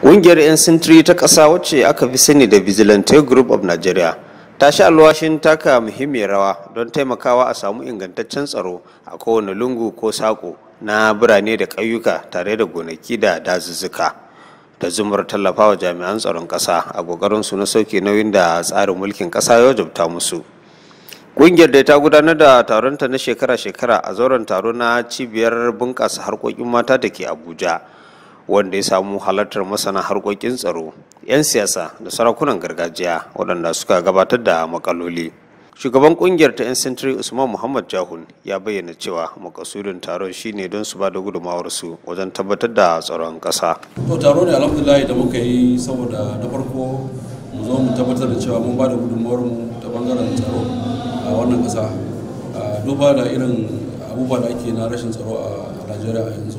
Ƙungiyar 'yan sintiri ta ƙasa wacce aka fi sani da Vigilante Group of Nigeria ta sha alwashin taka muhimmiyar rawa don taimakawa a samu ingantaccen tsaro a kowane lungu ko saƙo na birane da ƙauyuka tare da gonaki da dazuzzuka. Da zumar tallafawa jami'an tsaron ƙasa a su na sauke nauyin da tsarin mulkin ƙasa ya wajabta musu. Ƙungiyar da ta gudanar da taronta na shekara-shekara a zauren taro na cibiyar bunƙasa harkokin mata da ke Abuja. wanda ya samu halartar masana harkokin tsaro 'yan siyasa da sarakunan gargajiya waɗanda suka gabatar da makaloli shugaban kungiyar ta 'yan sintiri usman muhammad jahun ya bayyana cewa makasudin taron shine don su ba da su wajen tabbatar da tsaron kasa. to taro ne alhamdulillah da muka yi saboda na farko mu zo mu tabbatar da cewa mun ba da gudunmawar mu ta bangaren tsaro a wannan ƙasa duba da irin abubuwa da ake na rashin tsaro a najeriya a yanzu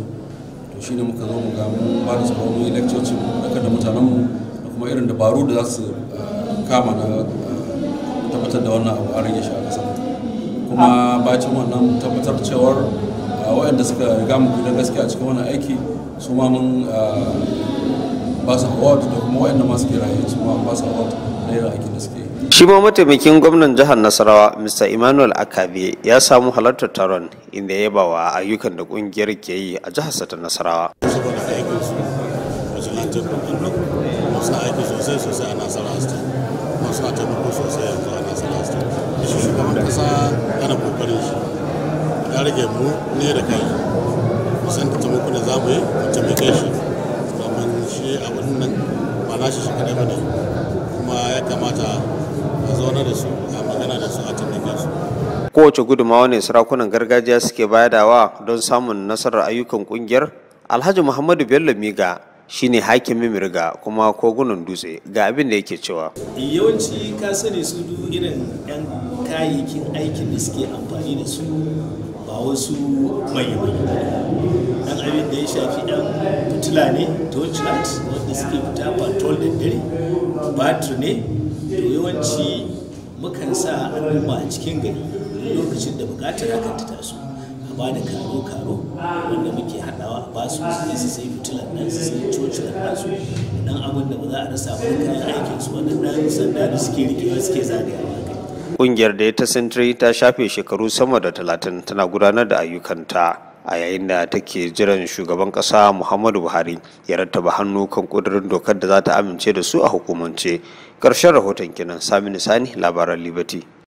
ne muka zo mu ga mu ba da tsaro lecturci mu da mutanen mu da kuma irin dabaru da za su eh, kama na eh, tabbatar da wannan abu a rage shi a ƙasa kuma bacin wannan tabbatar cewar eh, waɗanda suka riga mu gidan gaskiya cikin wannan aiki su ma mun ba su award da kuma waɗanda masu ke raye su ma ba su award na irin aikin da suke yi shi ma mataimakin gwamnan jihar nasarawa mr emmanuel akabe ya samu halartar taron inda ya yaba wa ayyukan da kungiyar ke yi a jihar ta nasarawa ya rage mu ne da kai kusan da taimako da za mu yi mu taimake shi domin shi abin nan ba na shi shi kadai ba ne kuma ya kamata a zauna da su a magana da su a taimake su kowace gudumawa ne sarakunan gargajiya suke bayadawa don samun nasarar ayyukan kungiyar alhaji muhammadu bello miga shine hakimin mirga kuma kogunan dutse ga abin da yake cewa yawanci ka sani su irin yan kayayyakin aikin da suke amfani da su ba wasu manya manya dan abin da ya shafi yan fitila ne torchlight wanda suke fita patrol da dare batir ne to yawanci mukan sa al'umma a cikin gari lokacin da bukatar hakan ta taso a ba da karo karo wanda muke haɗawa a su su su sai fitilan nan su sai cocilan su. dan abin da ba za a rasa ba kayan aikin su wanda dan sanda da suke rikewa suke zagayawa Ƙungiyar da ta sintiri ta shafe shekaru sama da talatin tana gudanar da ayyukanta a yayin da take jiran shugaban ƙasa Muhammadu Buhari ya rattaba hannu kan ƙudurin dokar da za ta amince da su a hukumance. Ƙarshen rahoton kenan Saminu Sani labaran Liberty.